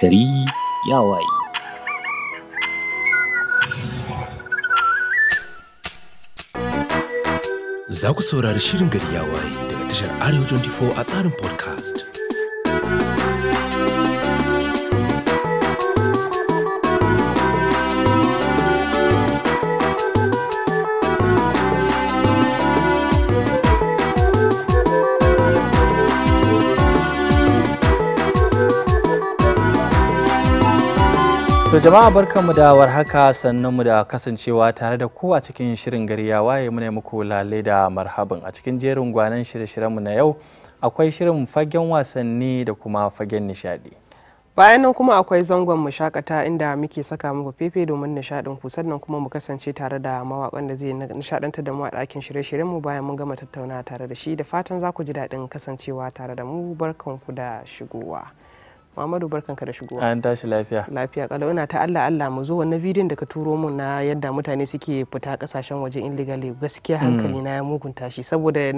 gari ya waye. Za ku saurari shirin gari ya waye daga tashar Arewa 24 a tsarin podcast. To jama'a barkanmu da warhaka sannanmu da kasancewa tare da ku a cikin shirin gari ya waye muna muku lalle da marhaban a cikin jerin gwanan shirye-shiryenmu na yau akwai shirin fagen wasanni da kuma fagen nishadi. Bayan nan kuma akwai zangon mu shakata inda muke saka muku fefe domin nishadin ku sannan kuma mu kasance tare da mawakan da zai nishadanta da mu a ɗakin shirye-shiryen mu bayan mun gama tattaunawa tare da shi da fatan za ku ji daɗin kasancewa tare da mu barkanku da shigowa. Muhammadu barkanka da shigowa. An tashi lafiya. Lafiya kalau ina ta Allah Allah mu zo wannan bidiyon da ka turo mun na yadda mutane suke fita kasashen waje illegally gaskiya hmm. hankali na ya mugunta shi saboda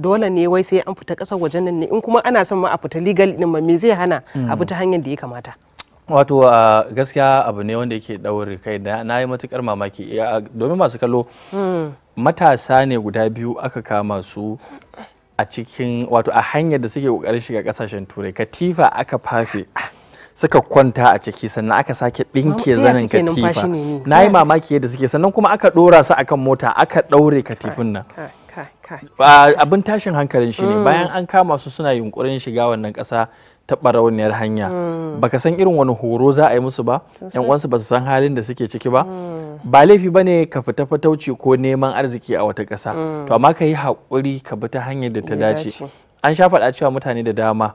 dole ne wai sai an fita kasar wajen nan ne in kuma ana son ma a fita legal din ma me zai hana a fita hmm. hanyar da ya kamata. Wato gaskiya abu ne wanda yake daure kai da na yi matukar mamaki domin masu kallo hmm. matasa ne guda biyu aka kama su a cikin wato a hanyar da suke kokarin shiga kasashen turai katifa aka fafe suka kwanta a ciki sannan aka sake ɗinke zanen katifa na yi mamaki yadda suke sannan kuma aka ɗora su akan mota aka ɗaure katifin nan abin tashin hankalin shi ne mm. bayan an kama su suna yunkurin shiga wannan ƙasa taɓa rauniyar hanya mm. baka san irin wani horo za a yi musu ba yan uwansu ba su san halin da suke ciki ba mm. ba laifi ba ne ka fita fatauci ko neman arziki a wata ƙasa mm. to amma ka yi haƙuri ka bi ta hanyar da ta dace an sha faɗa cewa mutane da dama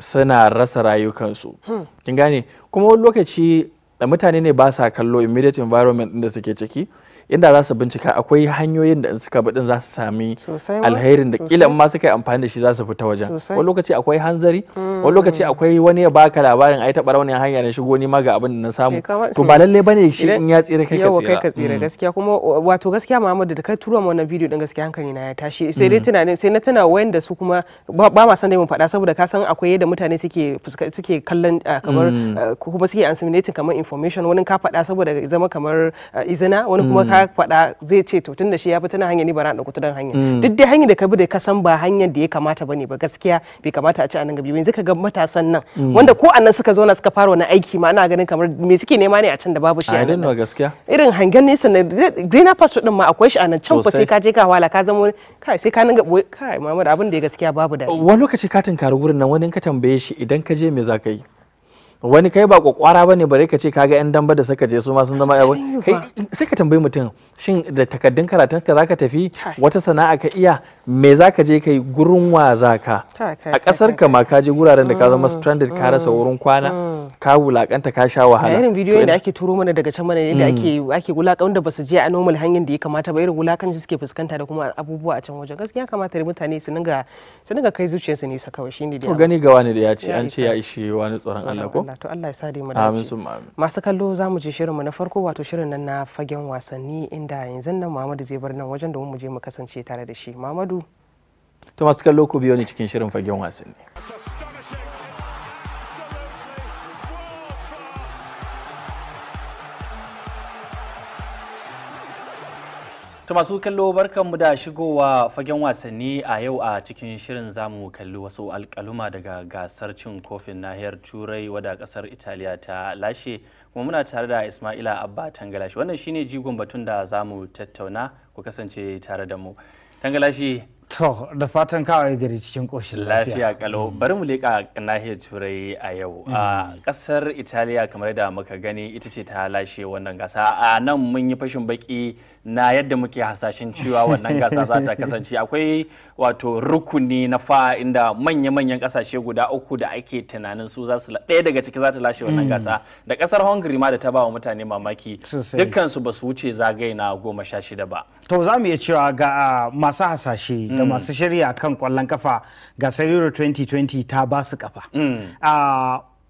suna rasa rayukansu hmm. kin gane kuma wani lokaci mutane ne ba sa kallo immediate environment ɗin da suke ciki inda za su bincika akwai hanyoyin da in suka bi din za su sami alherin da kila ma suka yi amfani da shi za su fita wajen wani lokaci akwai hanzari mm. wani lokaci akwai wani ya baka labarin ai taɓa rauni hanya na shigo ni ma ga abin da na samu to ba lalle bane shi in ya tsira kai ka tsira kai ka mm. gaskiya kuma wato gaskiya Muhammadu da ka turo mu wannan bidiyo din gaskiya hankali na ya tashi sai dai mm. tunanin sai na tuna da su kuma ba ma san dai mun faɗa saboda ka san akwai yadda mutane suke suke kallon ah, kamar ah, kuma suke assimilating kamar information wani ka faɗa saboda zama kamar ah, izina wani kuma ka ka faɗa zai ce to tunda shi ya bi tana hanya ne bara na ɗauko tunan hanya mm. duk dai hanyar da ka bi da ka san ba hanyar da ya kamata bane ba gaskiya bai kamata a ci a nan gabi yanzu ka ga matasan nan mm. wanda ko annan suka zauna suka fara wani aiki ma ana ganin kamar me suke nema ne a can da babu shi a nan gaskiya irin hangen nesa na greener pasture din ma akwai shi a nan can fa sai ka je ka wala ka zama kai sai ka nan kai mamada abin da ya gaskiya babu da wani lokaci ka tunkari wurin nan wani ka tambaye shi idan ka je me za ka yi wani kai ba kwakwara bane bare ka ce kaga yan damba da suka je su ma sun zama yawa kai sai ka tambayi mutum shin da takaddun karatun ka zaka tafi wata sana'a ka iya me zaka je kai gurin wa zaka a kasar ka ma ka je guraren da ka zama mm, stranded ka rasa mm, wurin kwana mm. ka wulakanta ka sha wahala irin bidiyo da ake turo mana daga can mana ne da ake ake wulakan wanda basu je a normal hanyar da ya kamata ba irin wulakan suke fuskanta da kuma abubuwa a can wajen gaskiya kamata da mutane su dinga su dinga kai zuciyarsu su kawai shine da to gani ga wani da ya ce an ce ya ishe wani tsoron Allah ko Allah to Allah ya sa mu dace masu kallo za mu je shirinmu na farko wato shirin nan na fagen wasanni inda yanzu nan Muhammadu zai bar nan wajen domin mu je mu kasance tare da shi Muhammadu to masu kallo ku biyo ni cikin shirin fagen wasanni To masu kallo barkanmu da shigowa fagen wasanni a yau a cikin shirin zamu kalli wasu alkaluma daga gasar cin kofin nahiyar turai wadda kasar italiya ta lashe kuma muna tare da ismaila abba tangalashi wannan shine jigon batun da zamu tattauna ku kasance tare da mu tangalashi to da fatan kawai gari cikin koshin lafiya kalo mm. bari mu leka nahiyar turai a yau mm. a kasar italiya kamar da muka gani ita ce ta lashe wannan gasa a nan mun yi fashin baki na yadda muke hasashen cewa wannan gasa za ta kasance akwai wato rukuni na fa inda manya-manyan kasashe guda uku da ake tunanin su za su ɗaya daga ciki za ta lashe wannan mm. gasa da kasar hungary ma da ta ba wa mutane mamaki dukkansu ba su wuce zagaye na goma sha shida ba to za mu iya cewa ga masu hasashe da mm. masu shirya kan kwallon kafa gasar euro 2020 ta ba su kafa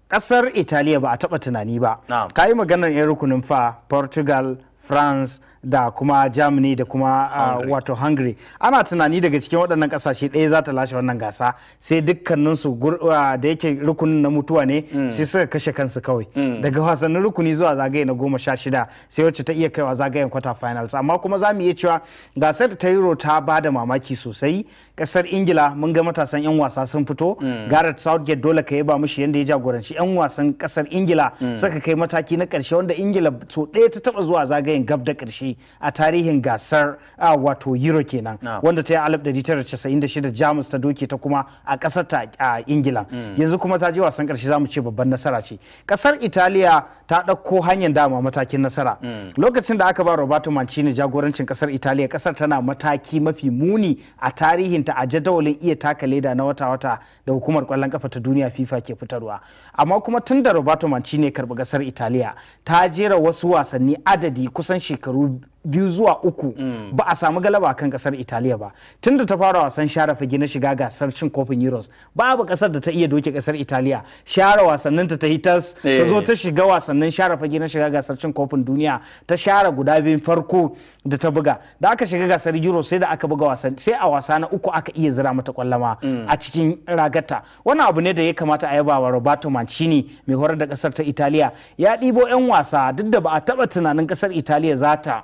kasar mm. italiya ba a taba tunani ba ka yi maganar 'yan rukunin fa portugal france da kuma germany da kuma uh, wato hungary ana tunani daga cikin waɗannan ƙasashe ɗaya za ta lashe wannan gasa sai dukkaninsu uh, da yake rukunin na mutuwa ne mm. sai suka kashe kansu kawai mm. daga wasannin rukuni zuwa zagaye na goma sha shida sai wacce ta iya kaiwa zagayen kwata finals amma kuma za mu iya cewa gasar ta euro ta ba da mamaki sosai ƙasar ingila mun ga matasan 'yan wasa sun fito mm. gareth southgate dole ka yi ba mushi yadda ya jagoranci 'yan wasan ƙasar ingila mm. suka kai mataki na ƙarshe wanda ingila so ɗaya ta taɓa zuwa zagayen yin gab da karshe a tarihin gasar a wato euro kenan wanda ta yi alif 1996 jamus ta doke ta kuma a ƙasar ta a ingila hmm. yanzu kuma ta je wasan karshe zamu ce babban nasara ce ƙasar italiya ta ɗauko hanyar dama matakin nasara hmm. lokacin da aka ba roberto mancini jagorancin kasar italiya kasar tana mataki mafi muni a tarihinta a jadawalin iya taka leda na wata-wata da hukumar kwallon kafa ta duniya fifa ke fitarwa amma kuma tun da roberto mancini karɓi ƙasar italiya ta jera wasu wasanni adadi kusa kusan shekaru biyu zuwa uku mm. ba a samu galaba kan kasar italiya ba tunda ta fara wasan share fage na shiga gasar cin kofin euros babu kasar da ta iya doke kasar italiya share wasannin ta hitas ta zo eh. ta shiga wasannin share fage na shiga gasar cin kofin duniya ta share guda biyu farko da ta buga da aka shiga gasar euros sai da aka buga wasan sai a wasa na uku aka iya zira mata kwallama mm. a cikin ragata wannan abu ne da ya kamata a yaba wa roberto mancini mai horar da kasar ta italiya ya ɗibo 'yan wasa duk da ba a taba tunanin kasar italiya za ta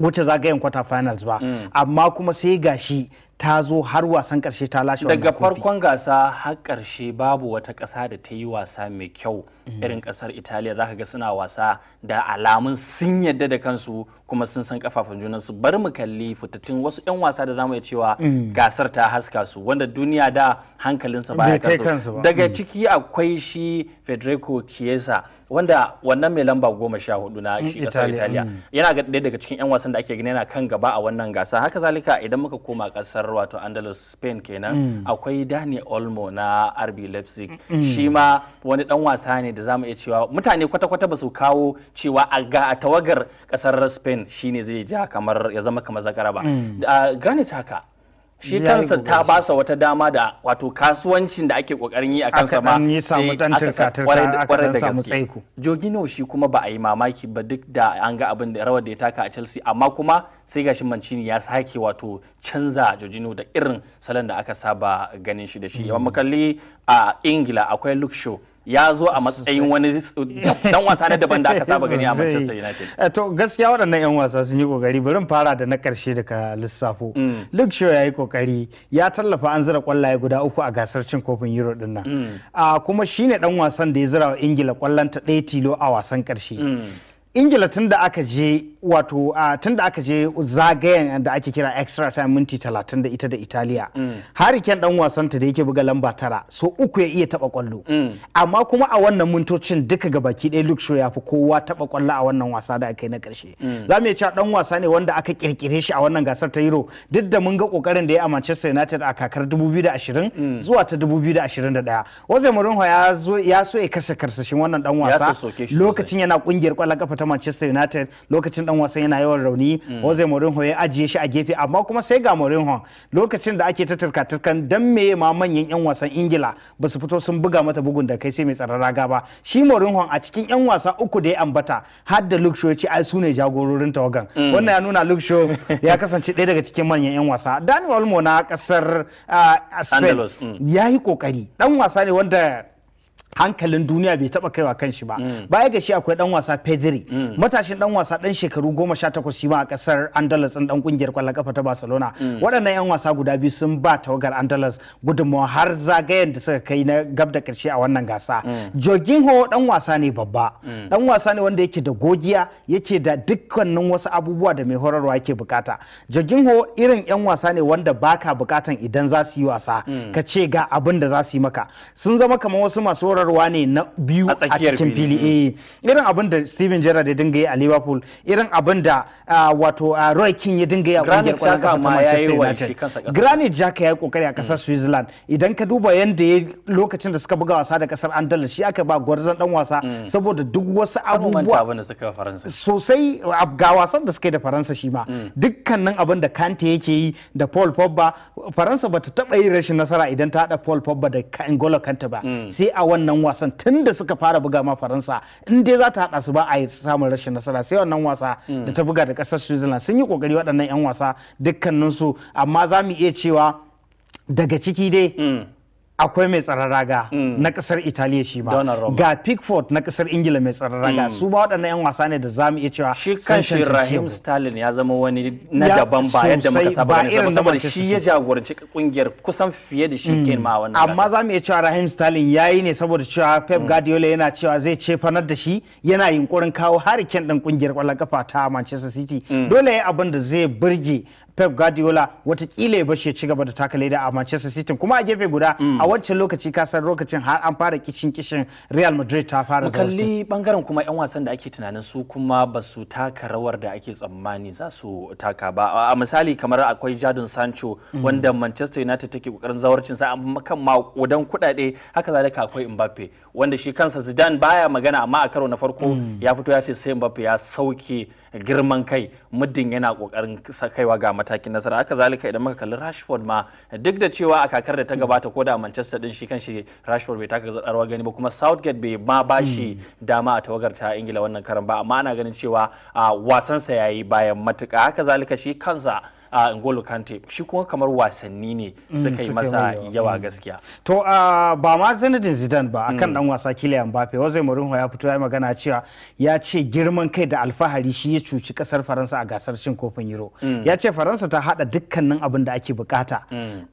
wuce zagayen kwata finals ba mm. amma kuma sai gashi ta zo har wasan karshe ta lashe daga farkon gasa har karshe babu wata kasa da ta yi wasa mai kyau mm. irin kasar italiya zaka ga suna wasa da alamun sun yadda da kansu kuma sun san kafafun junansu bari mu kalli fitattun wasu 'yan wasa da zamu iya cewa mm. gasar ta haska su wanda duniya da hankalinsa baya kansu daga ciki akwai shi federico chiesa wanda wannan mai lamba goma sha hudu na shi kasar italiya yana daya daga cikin 'yan wasa wasan da ake gani yana kan gaba a wannan gasa haka zalika idan muka koma kasar wato andalus spain kenan mm. akwai dani olmo na rb leipzig mm. shi ma wani dan wasa ne da zamu iya cewa mutane kwata-kwata ba su kawo cewa a ga a tawagar kasar spain shine zai ja kamar ya zama kamar zakara ba mm. granit haka shi kansa ta ba sa wata dama da wato kasuwancin da ake kokarin yi a kansa ma aka samu dan tirkatar da samu tsaiko shi kuma ba a yi mamaki ba duk da an ga abin da rawar da ya taka a Chelsea amma kuma sai gashi Mancini ya sake wato canza Jorginho da irin salon da aka saba ganin shi da shi amma kalli a Ingila akwai Luke Shaw ya zo a matsayin wani dan wasa na daban da aka saba gani a Manchester United. Eh, to gaskiya waɗannan 'yan wasa sun yi kokari barin fara da na ƙarshe da ka lissafo. Mm. Luke Shaw ya yi kokari ya tallafa an zira kwallaye guda uku a gasar cin kofin Euro din nan. Mm. Ah, kuma shine dan wasan da ya zira wa Ingila kwallon ta ɗaya tilo a wasan ƙarshe. Mm. ingila tun da aka je wato tun da aka je zagayen da ake kira extra time minti talatin da ita da italiya mm. ken dan wasanta da yake buga lamba tara so uku ya iya taba kwallo mm. amma kuma a wannan mintocin duka ga baki ɗaya luke ya fi kowa taba kwallo a wannan wasa da aka yi na karshe mm. za mu iya cewa dan wasa ne wanda aka kirkire shi a wannan gasar ta euro duk da mun ga kokarin da ya a manchester united a kakar 2020 zuwa ta 2021 wajen ya so ya kashe karsashin wannan dan wasa lokacin yana kungiyar kwallon kafa ta Manchester United lokacin dan wasan yana yawan rauni mm. Jose Mourinho ya ajiye shi a gefe amma kuma sai ga Mourinho lokacin da ake ta turka-turkan dan me ma manyan yan wasan Ingila ba su fito sun buga mata bugun da kai sai mai tsaron raga ba shi Mourinho a cikin yan wasa uku da ya ambata har da Luke Shaw ci ai su ne jagororin tawagan mm. wannan ya nuna Luke Shaw ya kasance ɗaya daga cikin manyan yan wasa daniel Olmo na kasar ah, Spain mm. ya yi kokari dan wasa ne wanda hankalin duniya bai taba kaiwa kan shi ba mm. baya ga shi akwai dan wasa Pedri mm. matashin dan wasa dan shekaru goma 18 shi ma a kasar Andalus din dan kungiyar kwallon kafa ta Barcelona mm. waɗannan yan wasa guda biyu sun ba tawagar Andalus gudunmawa har zagayen da suka kai na gab da karshe a wannan gasa Jorginho dan wasa ne babba dan wasa ne wanda yake da gogiya yake da dukkanin wasu abubuwa da mai horarwa yake bukata Jorginho irin yan wasa ne wanda baka bukatan idan za su yi wasa ka ce ga abin da za su yi maka sun zama kamar wasu masu horarwa ne na biyu a cikin fili mm. eh irin abin da Steven Gerrard ya dinga yi a Liverpool irin abin da ah, wato ah, Roy Keane ya dinga yi a kungiyar kwallon kafa ta Manchester United Granit Xhaka ya kokari a kasar mm. Switzerland idan ka duba yanda ya lokacin da suka buga wasa da kasar Andalus shi aka ba gwarzon dan wasa mm. saboda duk wasu abubuwa sosai ga wasan da suka yi da Faransa shi ma dukkanin abin da Kante yake yi da Paul Pogba Faransa bata taba yi rashin nasara idan ta hada Paul Pogba da N'Golo Kante ba sai a wannan wannan wasan tun da suka fara buga ma faransa in dai za ta haɗa su ba a yi samun rashin nasara sai wannan wasa da ta buga da kasar switzerland sun yi ƙoƙari waɗannan 'yan wasa dukkaninsu amma za mu iya cewa daga ciki dai hmm. akwai mai tsarar raga mm. na kasar italiya shi ma ga pickford na kasar ingila mai tsaron raga mm. su ba waɗannan 'yan wasa ne da za mu iya cewa shi kanshi rahim stalin ya zama wani na daban ba yadda muka saba ne saboda shi ya jagoranci kungiyar kusan fiye da shi ke mm. ma wannan amma za mu iya cewa rahim stalin ya yi ne saboda cewa pep guardiola yana cewa zai cefanar da shi yana yunkurin kawo hariken din kungiyar kwallon kafa ta manchester city dole ya abin da zai burge Pep Guardiola watakila ya bashi ya ci gaba da taka leda a Manchester City kuma a gefe guda a mm. wancan lokaci ka san lokacin har an fara kishin kishin Real Madrid ta fara zuwa kalli bangaren kuma yan wasan da ake tunanin su kuma ba su taka rawar da ake tsammani za su taka ba a misali kamar akwai Jadon Sancho mm. wanda Manchester United take kokarin zawarcin sa amma kan makudan kuɗaɗe haka zalika akwai Mbappe wanda shi kansa Zidane baya magana amma a karo na farko mm. ya fito ya ce sai Mbappe ya sauke girman kai muddin yana kokarin kaiwa ga matakin nasara haka zalika idan muka kalli Rashford ma duk da cewa a kakar da ta gabata ko da Manchester din shi kan shi Rashford bai taka zarwa gani ba kuma Southgate bai ma ba shi hmm. dama a tawagar ta Ingila wannan karan ba amma ana ganin cewa wasan wasansa yayi bayan matuka haka zalika shi kansa a Ngolo Kante shi kuma kamar wasanni ne mm, suka yi masa yawa mm. gaskiya to ba ma zanadin Zidane ba akan mm. dan wasa Kylian Mbappe wazai Mourinho ya fito ya magana cewa ya ce girman kai da alfahari shi ya cuci kasar Faransa a gasar cin kofin Euro ya ce Faransa ta hada dukkanin abin da ake bukata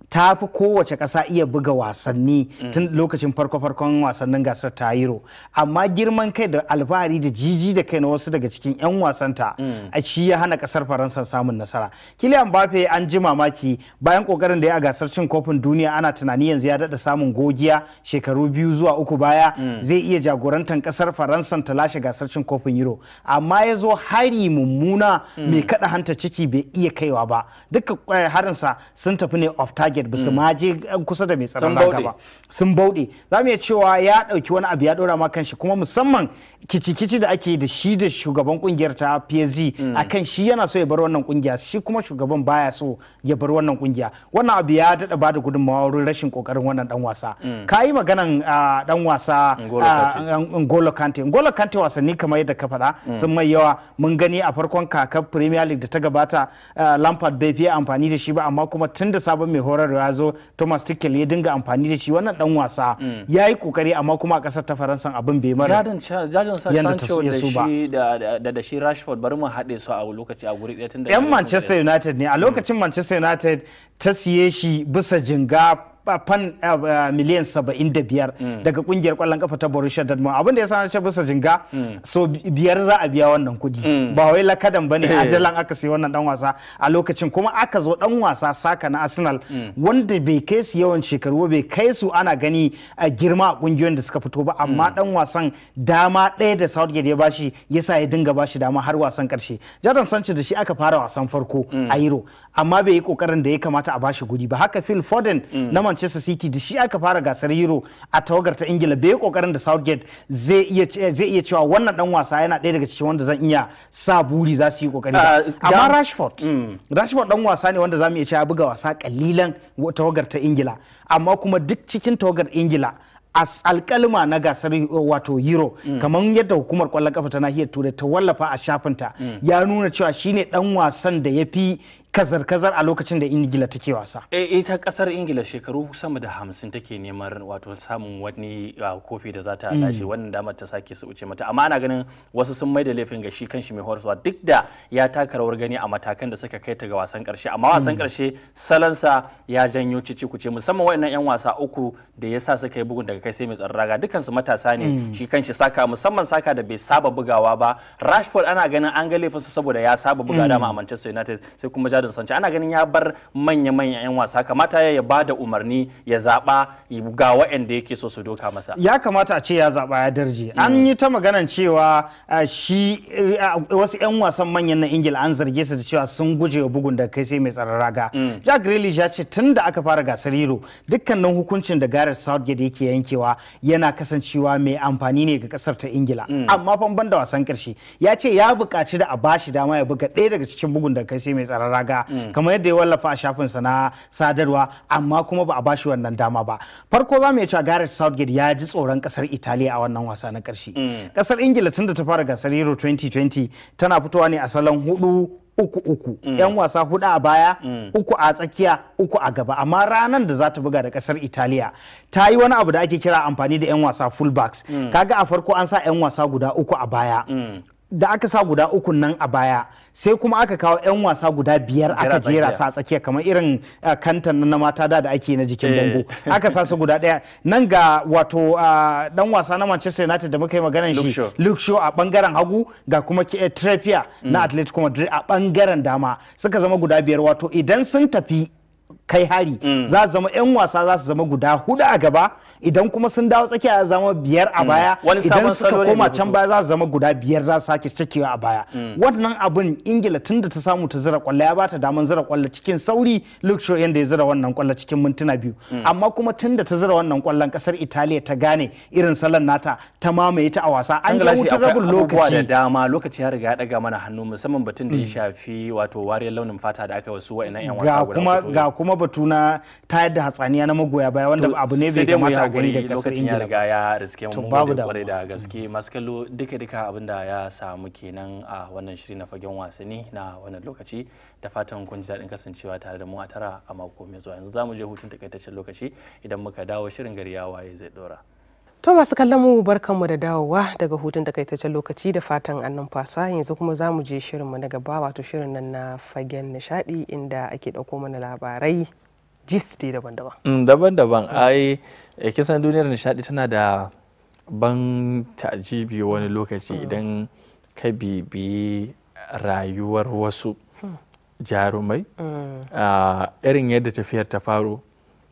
ta fi kowace kasa iya buga wasanni tun lokacin farko-farkon wasannin gasar ta Euro amma girman kai da alfahari da jiji da kai na wasu daga cikin 'yan wasanta a shi ya hana kasar Faransa samun nasara Kylian Mbappe an ji mamaki bayan kokarin da ya a gasar cin kofin duniya ana tunani yanzu ya daɗa samun gogiya shekaru biyu zuwa uku baya mm. zai iya jagorantar kasar Faransa ta lashe gasar cin kofin Euro amma ya zo hari mummuna mm. mai kaɗa hanta ciki bai iya kaiwa ba duka eh, harinsa sun tafi ne off target basu maje mm. ma je eh, kusa da mai tsaron gaba sun bauɗe za mu iya cewa ya ɗauki wani abu ya ɗora ma kanshi kuma musamman kici-kici da ake da shi da shugaban kungiyar ta PSG akan shi yana so ya bar wannan kungiya shi kuma shugaban Alban baya so ya bar wannan kungiya wannan abu ya daɗa bada gudunmawa wurin rashin kokarin wannan dan wasa mm. ka yi maganan dan ah, wasa ah, Ngolo Kante Ngolo Kante wasanni kamar yadda ka faɗa mm. sun mai yawa mun gani a farkon kakar Premier League da ta gabata ah, Lampard bai fiye amfani da shi ba amma kuma tun da sabon mai horarwa ya zo Thomas Tuchel ya dinga amfani da shi wannan dan wasa mm. ya yi kokari amma kuma a ƙasar ta Faransa abin bai mara jajin Sancho da shi da shi Rashford bari mu haɗe su a lokaci a guri ɗaya tun da yan Manchester United ne a lokacin manchester united ta siye shi bisa jinga fan eh, miliyan saba'in da biyar mm. daga kungiyar kwallon kafa ta Borussia Dortmund abinda ya sanar bisa jinga mm. so biyar za a biya wannan kuɗi mm. ba wai lakadan bane eh. ajalan aka sai wannan dan wasa a lokacin kuma aka zo dan wasa saka na Arsenal wanda bai kai su yawan shekaru bai kai su ana gani a girma a kungiyoyin da suka fito ba amma dan wasan dama ɗaya da Southgate ya bashi yasa ya dinga bashi dama har wasan karshe Jadon Sanchez da shi aka fara wasan farko a Euro amma bai yi kokarin da ya kamata a bashi gudi ba haka Phil Foden na manchester city da shi aka fara gasar euro a tawagar ta ingila bai kokarin da southgate zai iya cewa wannan dan wasa yana ɗaya daga cikin wanda zan iya sa buri za su yi kokari ah, amma rashford mm. rashford dan wasa ne wanda zamu mu iya cewa buga wasa kalilan tawagar ta ingila amma kuma duk cikin tawagar ingila as alkalma na gasar wato euro mm. kamar yadda hukumar kwallon kafa ta nahiyar turai ta wallafa a shafinta mm. ya nuna cewa shine dan wasan da ya fi kazar-kazar a lokacin da ingila take wasa eh ita kasar ingila shekaru sama da hamsin take neman wato samun wani kofi da za ta mm. lashe wannan damar ta sake su wuce mata amma ana ganin wasu sun mai da laifin ga shi kanshi mai horaswa duk da ya taka rawar gani a matakan da suka kai ta ga wasan karshe amma wasan mm. karshe salansa ya janyo cici kuce musamman wayannan yan wasa uku da ya sa suka yi bugun daga kai sai mai tsaron raga dukansu matasa ne mm. shi kanshi saka musamman saka da bai saba bugawa ba rashford ana ganin an ga laifinsa saboda ya saba buga dama a manchester united sai kuma sanci ana ganin ya bar manya-manyan 'yan wasa kamata ya ba da umarni ya zaba ga waɗanda yake so su doka masa ya kamata a ce ya zaba ya darje mm. an yi ta maganan cewa eh, shi eh, wasu 'yan wasan manyan na Ingila an zarge su da cewa sun guje wa bugun da kai sai mai tsaron raga mm. Jack Grealish ya ce tun da aka fara gasar Euro dukkanin hukuncin da Gareth Southgate yake yankewa yana kasancewa mai amfani ne ga kasar ta Ingila mm. amma fa ban da wasan karshe ya ce ya buƙaci da a bashi dama ya buga ɗaya daga cikin bugun da kai sai mai tsaron raga takarda mm. kamar yadda ya wallafa a shafinsa na sadarwa amma kuma ba a bashi wannan dama ba farko za mu iya cewa Gareth Southgate ya ji tsoron kasar Italiya a wannan wasa na karshe mm. kasar Ingila tun da ta fara gasar Euro 2020 tana fitowa ne a salon hudu uku uku mm. yan wasa hudu a baya uku a tsakiya uku a gaba amma ranar da za ta buga da kasar italiya ta yi wani abu da ake kira amfani da yan wasa fullbacks kaga a farko an sa yan wasa guda uku a baya da aka sa guda uku nan a baya sai kuma aka kawo 'yan wasa guda biyar aka jera sa tsakiya kamar irin uh, kantan na mata da da ake na jikin eh. bango aka sa su guda daya nan ga wato dan uh, wasa na Manchester United da muka yi magana shi Luke Shaw a bangaren hagu ga kuma eh, Trippier na mm. Atletico Madrid a bangaren dama suka zama guda biyar wato idan sun tafi kai hari mm. za zama yan wasa za su zama guda hudu a gaba idan kuma sun dawo tsakiya za zama biyar a mm. baya idan suka koma can baya za su zama guda biyar za su sake cikewa a baya mm. wannan abin ingila tun da ta samu ta zira kwallo ya bata daman zira kwallo cikin sauri luke yanda ya zira wannan kwallo cikin mintuna biyu amma kuma tun da ta zira wannan kwallon kasar italiya ta gane irin salon nata ta mamaye ta a wasa an ga wutar rabin lokaci dama lokaci ya riga ya daga mana hannu musamman batun da ya shafi wato wariyar launin fata da aka wasu wa'annan yan wasa guda kuma batu na tayar da hatsaniya na magoya baya wanda abu ne bai kamata a gani da kasar ingila ya ya riske mu mu da kwarai da gaske masu kallo duka duka abin da ya samu kenan a wannan shiri na fagen wasanni na wannan lokaci da fatan kun ji daɗin kasancewa tare da mu a tara a mako mai zuwa yanzu za mu je hutun takaitaccen lokaci idan muka dawo shirin gari ya waye zai dora To masu kallon mu barkanmu da dawowa daga hutun takaitaccen lokaci da fatan annan fasa yanzu kuma za mu je mu na gaba wato shirin nan na fagen nishadi inda ake ɗauko mana labarai gist dai daban-daban. Mm, daban-daban ai eh, kisan duniyar nishadi tana da ban ta'ajibi wani lokaci mm. idan ka bibi rayuwar wasu hmm. jarumai mm. ah, irin yadda tafiyar ta faro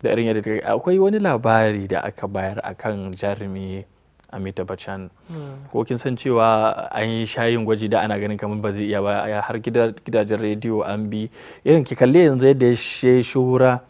da irin yadda akwai wani labari da aka bayar a kan jarumi Amita bachan hmm. ko kin san cewa an yi shayin gwaji da ana ganin kamar ba zai iya ba har gidajen rediyo an bi irin ki kalle yanzu yadda ya shura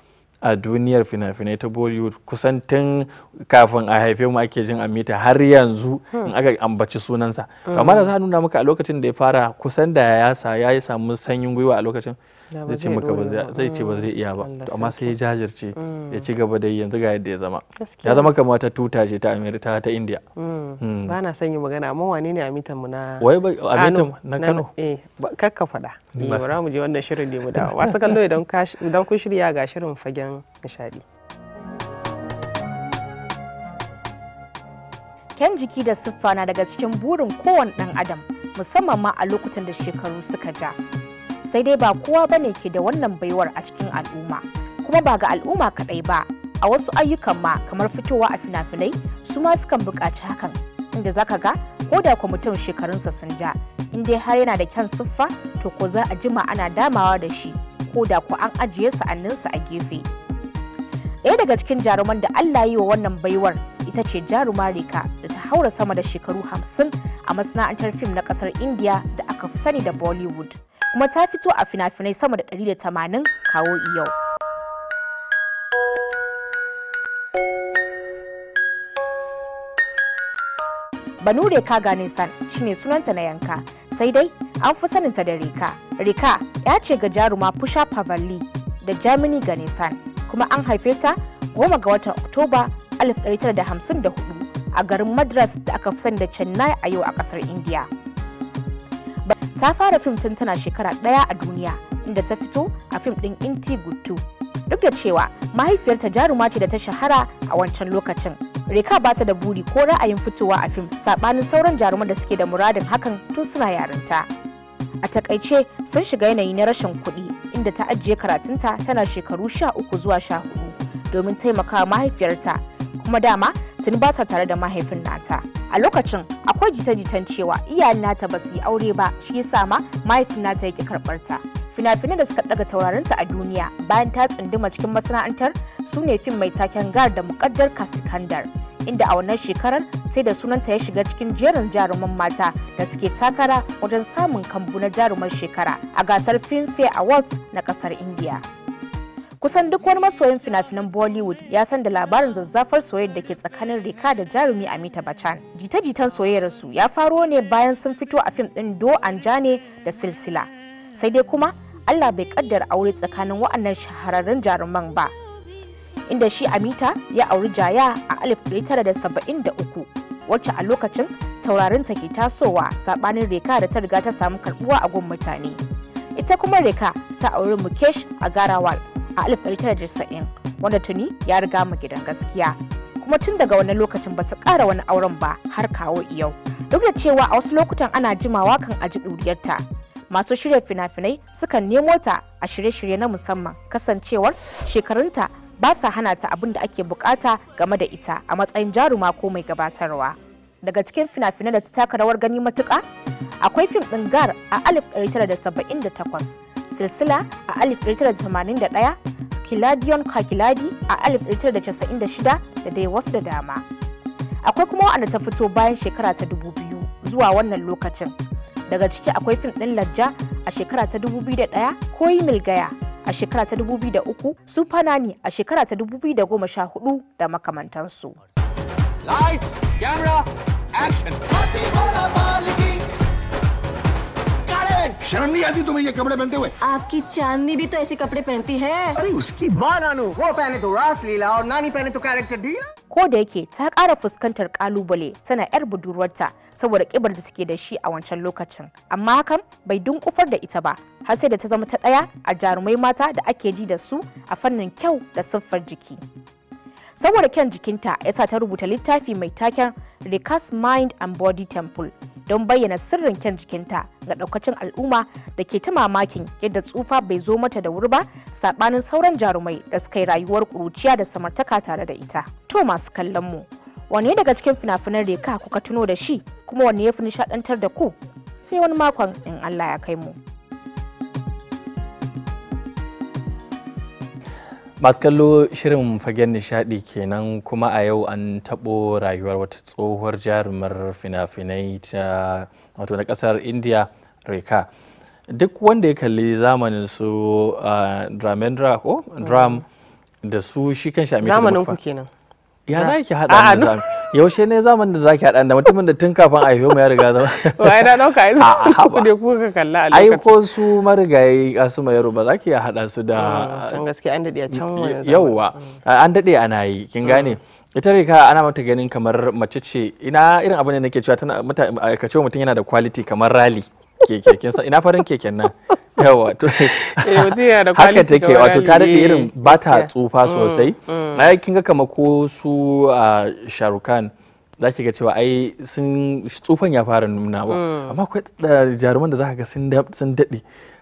a duniyar fina-finai ta bollywood kusan tun kafin a haife mu ake jin amita har yanzu hmm. in aka ambaci sunansa kamar hmm. da za a nuna maka a lokacin da ya fara kusan da ya sa ya samu sanyin gwiwa a lokacin zai ce maka ba zai ce ba zai iya ba to amma sai ya jajirce ya mm. ci gaba da yanzu ga yadda ya zama ya zama kamar ta tuta ce ta Amerika ta India mm. Mm. ba na son yi magana amma wane ne amitan mu na wai ba amitan na Kano eh kakka fada ni eh, bara mu je wannan shirin ne mu da wasu kallo idan idan kun shirya ga shirin fagen nishadi kyan jiki da siffa na daga cikin burin kowane ɗan adam musamman ma a lokutan da shekaru suka ja sai dai ba kowa bane ke da wannan baiwar a cikin al'umma kuma ba ga al'umma kaɗai ba a wasu ayyukan ma kamar fitowa a fina-finai su ma sukan buƙaci hakan inda zaka ga ko da kwamitin shekarunsa sun ja in dai har yana da kyan siffa to ko za a jima ana damawa da shi ko da ko an ajiye sa'anninsa a gefe ɗaya daga cikin jaruman da allah yi wa wannan baiwar ita ce jaruma rika da ta haura sama da shekaru hamsin a masana'antar fim na ƙasar india da aka fi sani da bollywood kuma ta fito a fina sama da 180 kawo yau. Banure Kaga san shine sunanta na yanka, sai dai an fi saninta da Rika. Rika ya ce ga jaruma Pusha Pavalli da Germany ga Nisan, kuma an haife ta goma ga watan Oktoba 1954 a garin Madras da aka fi sani da Chennai a yau a kasar India. ta fara fim tun tana shekara ɗaya a duniya inda ta fito a fim ɗin inti guttu duk da cewa mahaifiyarta jaruma ce da ta shahara a wancan lokacin reka ba ta da buri ko ra'ayin fitowa a fim saɓanin sauran jaruman da suke da muradin hakan tun suna yarinta a takaice sun shiga yanayi na rashin kuɗi inda ta ajiye karatunta tana shekaru sha uku zuwa sha hudu domin taimakawa mahaifiyarta kuma dama tuni ba sa tare da mahaifin nata a lokacin akwai jita-jitan cewa iyayen nata ba su yi aure ba shi yasa ma mahaifin nata yake karɓar ta fina-finan da suka daga taurarinta a duniya bayan ta tsunduma cikin masana'antar su ne fim mai taken gar da muƙaddar kasikandar inda a wannan shekarar sai da sunanta ya shiga cikin jerin jaruman mata da suke takara wajen samun kambu na jarumar shekara a gasar filmfare awards na ƙasar india kusan duk wani masoyin fina-finan bollywood ya san da labarin zazzafar soyayyar da ke tsakanin rika da jarumi amita bachan jita-jitan soyayyarsu ya faro ne bayan sun fito a fim din do an anjane da silsila sai dai kuma allah bai kaddara aure tsakanin wa'annan shahararrun jaruman ba inda shi amita ya auri jaya a 1973 wacce a lokacin taurarin ta ke tasowa sabanin reka da ta riga ta samu karbuwa a gun mutane ita kuma reka ta auri mukesh garawal. a 1990 wanda tuni ya riga mu gidan gaskiya kuma tun daga wani lokacin bata kara wani auren ba har kawo yau duk da cewa a wasu lokutan ana jimawa kan aji ɗuriyarta masu shirya fina-finai sukan nemo ta a shirye-shirye na musamman kasancewar shekarunta ba sa hana ta abin da ake bukata game da ita a matsayin jaruma ko mai gabatarwa. daga cikin fina finai da ta taka rawar gani matuƙa akwai fim ɗin gar a 1978 silsila a 1981 kiladiyon kakiladi a 1996 da dai wasu da dama akwai kuma waɗanda ta fito bayan shekara ta 2000 zuwa wannan lokacin daga ciki akwai fim ɗin lajja a shekara ta 2001 koyi milgaya a shekara ta 2003 supanani a shekara ta 2014 da makamantansu. Lights, camera, action शर्म नहीं आती तुम्हें ये कपड़े पहनते हुए आपकी चांदनी भी तो ऐसे कपड़े पहनती है अरे उसकी माँ नानू वो पहने तो रास लीला और नानी पहने तो कैरेक्टर डी ko da yake ta kara fuskantar kalubale tana 'yar budurwarta saboda kibar da suke da shi a wancan lokacin amma hakan bai dunkufar da ita ba har sai da ta zama ta daya a jarumai mata da ake ji da su a fannin kyau da siffar jiki saboda kyan jikinta ya sa ta rubuta littafi mai taken Recast Mind and Body Temple don bayyana sirrin kyan jikinta ga daukacin al'umma da ke ta mamakin yadda tsufa bai zo mata da wuri ba saɓanin sauran jarumai da suka yi rayuwar ƙuruciya da samartaka tare da ita. To masu kallon mu, wanne daga cikin fina-finan reka kuka tuno da shi kuma wanne ya fi nishaɗantar da ku? Sai wani makon in Allah ya kai mu. masu kallo shirin fagen nishadi kenan kuma a yau an tabo rayuwar wata tsohuwar jarumar fina-finai ta wato na kasar india reka duk wanda ya kalli zamanin su dramendra ko dram mm. da su shi kan shi zamanin ku kenan ya na yake haɗa da yaushe ne zaman da zaki haɗa da mutumin da tun kafin a mu ya riga zama wai na dauka ai ku kuma ka kalla a lokacin ai ko su marigayi ba za zaki ya haɗa su da can ah, gaskiya an dade a can yauwa mm. an dade ana yi kin gane mm. ita rika ana mata ganin kamar mace ce ina irin abin da nake cewa tana mata kace mutum yana da quality kamar rally keke kin san ina farin keken nan yawa to eh, haka take wato ta daɗe irin ba ta tsufa mm, sosai na mm. kin ga kama ko su a sharukan za ki ga cewa ai sun tsufan ya fara ba mm. amma akwai eh, jaruman da za ka ga sun daɗe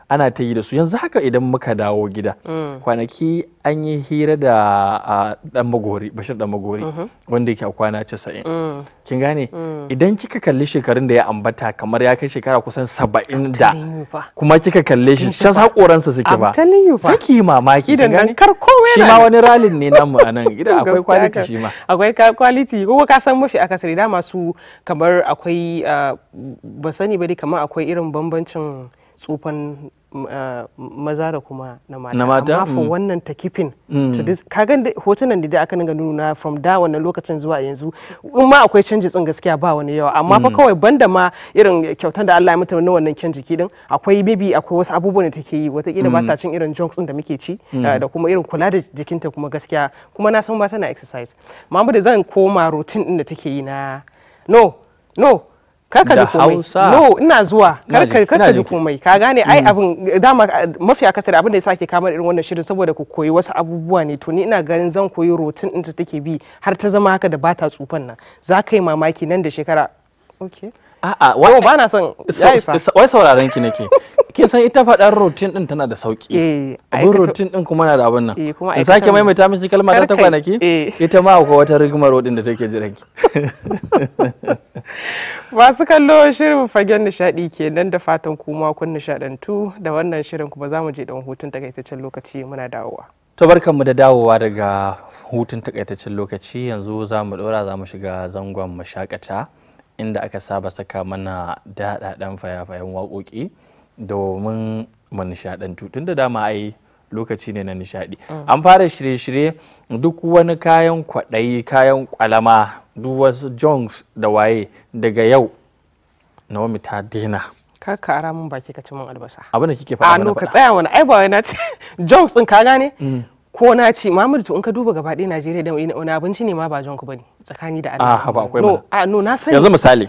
ana ta yi da su yanzu haka idan muka dawo gida mm. kwanaki an yi hira da dan magori bashir dan magori mm-hmm. wanda yake a kwana 90 mm. kin gane mm. idan kika kalli shekarun da ya ambata kamar ya kai shekara kusan 70 da kuma kika kalle shi ta sakoransa suke ba saki mamaki kin gane shi ma wani ralin ne namu a nan gida akwai quality shi ma akwai quality ko ka san mafi akasari da masu kamar akwai ba sani ba dai kamar akwai irin bambancin tsufan maza da kuma na mata amma for mm. wannan takifin mm. to this ka da hotunan da aka ninga nuna from da wannan lokacin zuwa yanzu in ma akwai canji tsin gaskiya ba wani yawa amma fa mm. kawai banda ma irin kyautan da Allah ya mutum na wannan kyan jiki akwai bibi akwai wasu abubuwan da take yi kila ba ta cin irin junks din da muke ci eh, da kuma irin kula da jikinta kuma gaskiya kuma na san ba tana exercise mamu da zan koma routine din da take yi na no no karka ji komai no ina zuwa karka ji komai ka gane ai mm. abin dama eh, mafi akasari abin da ya sake kamar irin wannan shirin saboda ku koyi wasu abubuwa ne to ni ina ganin zan koyi rotin ta take bi har ta zama haka da bata tsufan nan za ka yi mamaki nan da shekara okay a'a wai ba na son wai sauraron ki nake kin san ita faɗar routine din tana da sauki eh, abin routine din kuma na da abin nan eh, kuma in sake maimaita miki kalma ta kwanaki eh. ita ma akwai wata rigimar din da take jiran ki masu kallo shirin fagen nishaɗi ke nan da fatan kuma kun nishadantu da wannan shirin kuma za mu je ɗan hutun takaitaccen lokaci muna dawowa to barkanmu da dawowa daga hutun takaitaccen lokaci yanzu za mu ɗora za mu shiga zangon mashakata inda aka saba saka mana daɗaɗen fayafayen waƙoƙi domin mu nishaɗantu tun da dama ai lokaci ne na nishaɗi mm. an fara shirye-shirye duk wani kayan kwaɗayi kayan ƙwalama duk wasu jongs da waye daga yau naomi ta dina kar ka ara mun baki ka ci mun albasa abin da kike faɗa mana faɗa a no ka tsaya wani ai ba wai na ce jongs ɗin ka gane mm. ko na ci Muhammadu to in ka duba gaba ɗaya Najeriya da wani abinci ne ma ba jonku bane tsakani da Allah. Ah ba akwai no, a no na sani. Yanzu misali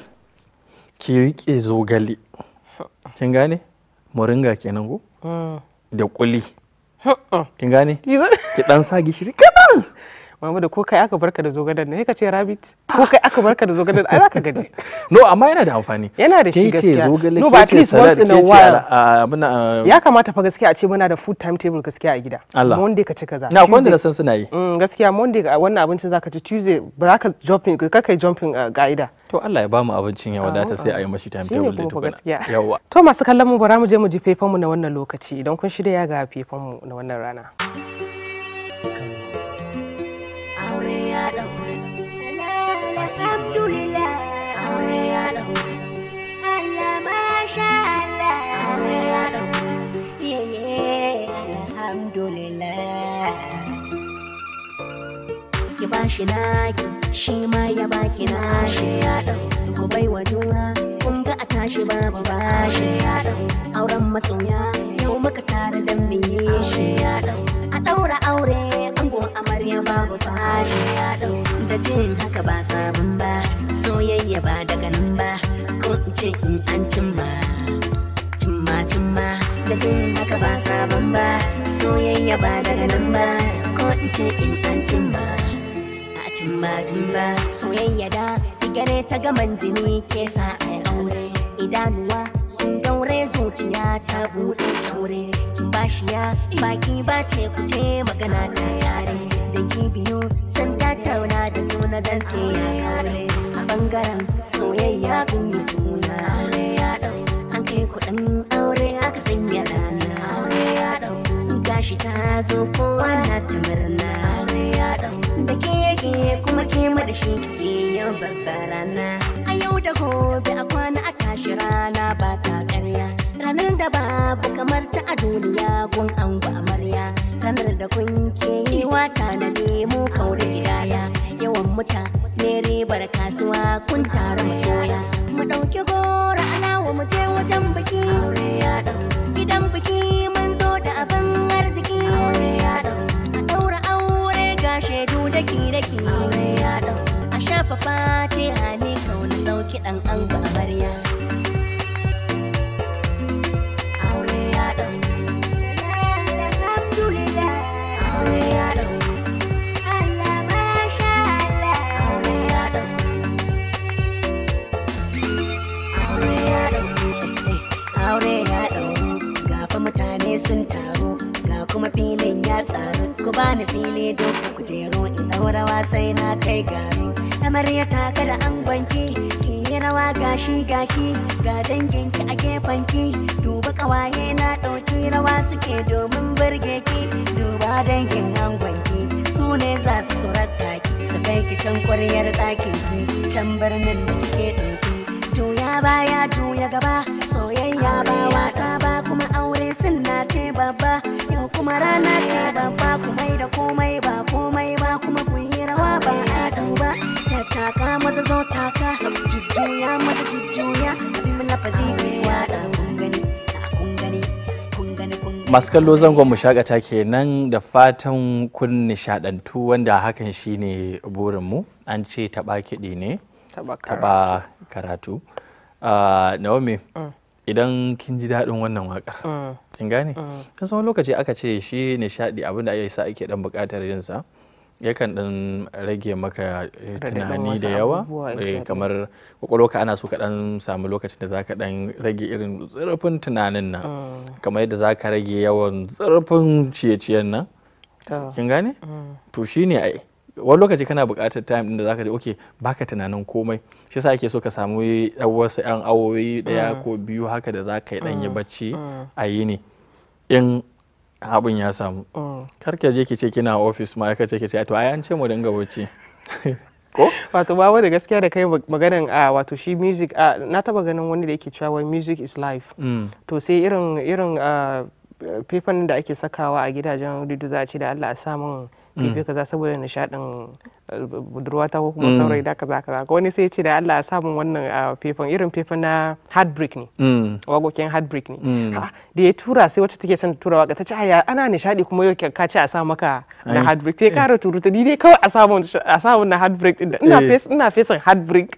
ki rike zogale. Kin gane? Moringa kenan ko mm. Da kuli. Kin gane? Ki dan sa gishiri kadan. Muhammadu ko kai aka barka da zogadan ne ka ce rabbit ko kai aka barka da zogadan ai zaka gaji no amma yana da amfani yana da shi gaskiya no but at least once in a while ah, ah, ya kamata fa gaskiya a ce muna da food timetable gaskiya a gida monday ka ci kaza na wanda da san suna yi mm, gaskiya monday wannan abincin zaka ci tuesday ba zaka jumping ka kai jumping ah, ga'ida to Allah ya ba mu abincin ya wadata sai a yi mashi table da tukuna yawa to masu kallon mu bara mu je mu ji fefan mu na wannan lokaci idan kun shirya ga fefan mu na wannan rana shi naki shi ma ya baki shi ya ɗau ku bai wa juna kun ga a tashi babu shi ya ɗau auren masoya yau muka tare da miye shi ya ɗau a ɗaura aure ango amarya babu shi ya ɗau da jin haka ba sabon ba soyayya ba daga nan ba ko in ce in an cimma cimma cimma da jin haka ba sabon ba soyayya ba daga nan ba ko in ce in an cimma cimma jimma soyayya da digare ta gaman jini ke sa a aure idanuwa sun daure zuciya ta buɗe taure bashiya baki ba ce ku ce magana da yare da biyu sun tattauna da juna zance ya yare a bangaren soyayya kun yi suna aure ya ɗau an kai kuɗin aure aka sanya rana aure ya ɗau gashi ta zo kowa na ta murna da ke yake kuma ke madashi ke yau babbar rana a yau da gobe a kwana a tashi rana ba ta karya ranar da babu kamar ta a duniya gun ango amarya ranar da kun ke yi wata na nemo kaure gidaya yawan mutane ribar kasuwa kun taru ɗan ango amarya aure ya ɗau aure ya aure ya aure ya aure ya mutane sun taru ga kuma filin ya tsaru ku bani fili don kujeru. kujero in sai na kai garu amarya ta da an gwanki rawa gashi gashi ga danginki a gefanki duba kawaye na ɗauki rawa suke domin burge ki duba dangin angonki su ne za su surata ki su kai ki can kwaryar ɗakin ki can birnin da kike ɗauki juya baya juya gaba soyayya ba wasa ba kuma aure sunna ce babba yau kuma rana ce babba kuma da komai ba komai ba kuma ku yi rawa ba a ba taka maza zo taka jujjuya abin masu kallo zangon mu shakata kenan da fatan kun nishadantu wanda hakan shine burinmu an ce taba kiɗi ne taba karatu ah, naomi mm. idan kin ji daɗin wannan waƙar mm. kin gane mm. kan lokaci aka ce shi nishaɗi abin da ya sa ake dan buƙatar yinsa yakan ɗan rage maka eh, tunani da yawa eh, kamar kwakwalwaka ana so ka ɗan samu lokacin da za ka ɗan rage irin zurfin tunanin nan mm. kamar yadda za ka rage yawan zurfin ciye-ciyen nan kin gane mm. to shine ai wani lokaci kana buƙatar time din da zaka je okay baka tunanin komai shi yasa ake so ka samu ɗan wasu ɗan awowi ɗaya mm. ko biyu haka da zaka yi ɗan yi bacci a yi ne in abin ya samu mm. kar ki je ki ce kina ofis ma ka ce ki ce to ai an ce mu dinga bacci ko wato ba da gaskiya da kai maganan a wato shi music na taba ganin wani da yake cewa music is life mm. to sai irin irin fifan da ake sakawa a gidajen rudu za a ce da Allah a samun bibi mm. kaza saboda nishadin eh, budurwata ko kuma mm. saurayi da kaza kaza ko wani sai ce da Allah samun wannan ah, fefan irin fefan na heartbreak ne mm. wagokin heartbreak ne da ya tura sai wacce take son tura waka ta ce aya ana nishadi kuma yau ka ce a sa maka na heartbreak sai kara eh. turu ni dai kawai a samu a samun na heartbreak din ina eh. face ina fesin heartbreak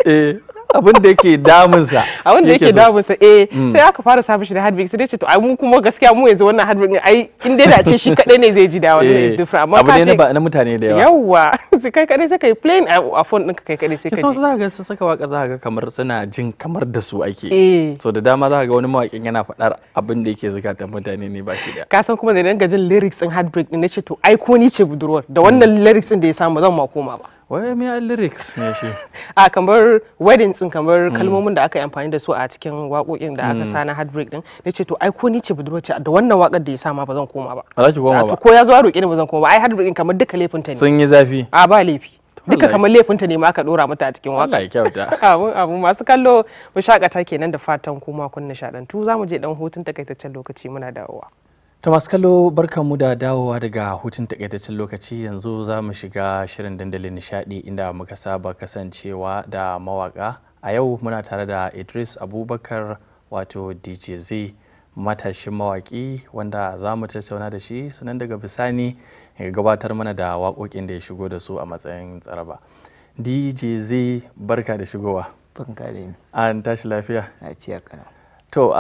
abin da yake damunsa abin da yake damunsa eh mm. sai aka fara sa mishi da hard sai dai ce to ai mun kuma gaskiya mu yanzu wannan hard ne ai in dai da ce shi kadai ne zai ji da wannan eh. is different amma ka ne na mutane da yawa yawa sai kai kadai sai kai plain a phone ɗinka kai kadai sai ka ji sai zaka ga su saka waka zaka ga kamar suna jin kamar da su ake eh. so da dama zaka ga wani mawakin yana faɗar abin da yake zukatan mutane ne baki daya ka san kuma da dinga jin lyrics din heartbreak din nace to ai ko ni ce budurwar da wannan lyrics din da ya samu zan ma koma ba wai me lyrics ne shi a ah, kamar weddings din kamar hmm. kalmomin da aka yi amfani da su a cikin waƙoƙin da aka hmm. sa na heartbreak din ce to ai ko ni ce budurwa ce da wannan waƙar da ya sa ma ba zan koma ba ba za ki koma ah, ba ko ya zo roƙi ni ba zan koma ba ai heartbreak din kamar duka laifin ta ne sun yi zafi a ah, ba laifi duka kamar laifinta ne ma aka dora mata a cikin waƙa ya kyauta. Abu abu masu kallo mu shakata kenan da fatan kuma kun nishadantu zamu je dan hutun takaitaccen lokaci muna dawowa. Thomas barka kallo barkanmu da dawowa daga hutun takaitaccen lokaci yanzu za mu shiga shirin dandalin nishadi inda muka saba kasancewa da mawaka a yau muna tare da idris abubakar wato djz matashin mawaki wanda za mu tattauna da shi sannan daga bisani ya gabatar mana da waƙoƙin da ya shigo da su a matsayin tsaraba djz barka da shigowa an tashi lafiya lafiya kana To uh,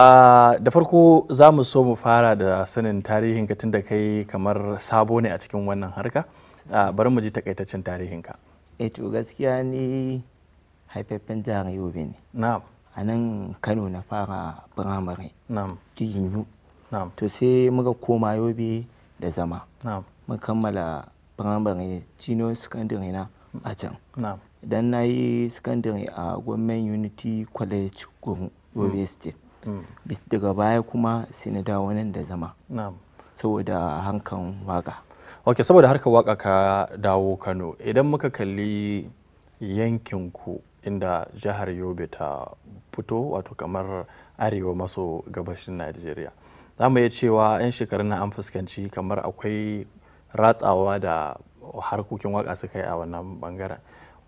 da farko za mu so mu fara da sanin tarihin ka tunda kai kamar sabo ne a cikin wannan harka. Uh, bari mu ji takaitaccen tarihinka. E to gaskiya ni haifaffen jihar Yobe ne. Na'am. A nan Kano na fara firamare. Na'am. yiwu Na'am. To sai muka koma Yobe da zama. Na'am. Mun kammala firamare Cino Secondary na a can. Idan na yi secondary a Gwamnan Unity College Yobe mm. State. daga baya kuma sai wani dawo da zama saboda hankan waka ok saboda harkar waka ka dawo kano idan muka kalli yankinku inda jihar yobe ta fito wato kamar arewa maso gabashin najeriya za mu iya cewa 'yan shekarun na an fuskanci kamar akwai ratsawa da harkokin waka suka yi a wannan bangaren